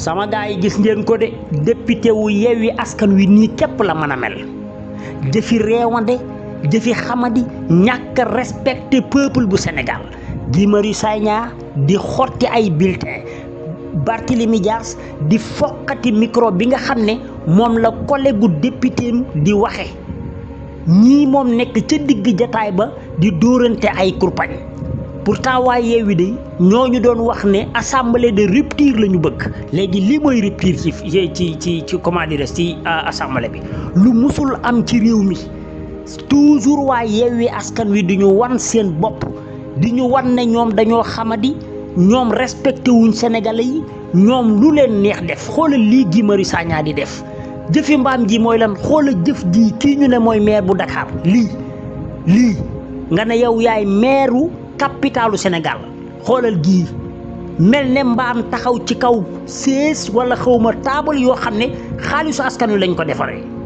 sama gars yi gis ngeen ko de député wu Yewwi Askan Wi nii képp la mën a mel jëfi réewande jëfi xamadi ñàkk respecté peuple bu Sénégal Guy Marius Sagna di xotti ay bulletin Barthélemy di foqati micro bi nga xam ne moom la kole gu député di waxe ñii moom nekk ca digg jataay ba di dóorante ay kurpañ pourtant waa Yewwi de ñu doon wax ne assemblée de rupture la ñu bëgg léegi lii mooy rupture ci ci ci ci comment dire ci euh, assemblée bi lu musul am ci réew mi toujours waa yeew Yewwi askan wi di ñu wan seen bopp di ñu wan ne ñoom dañoo xamadi ñoom respecté wuñ Sénégalais yi ñoom lu leen neex def xoolal lii Guy Marius Sagna di def jëfi mbaam ji mooy leen xoolal jëf ji kii ñu ne mooy maire bu Dakar lii lii nga ne yow yaay maireu capitalu Sénégal xoolal gii mel ne mbaam taxaw ci kaw sées wala xawma taabal yoo xam ne xaalisu askan wi lañ ko defaree